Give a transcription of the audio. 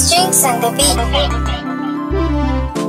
strings and the beat.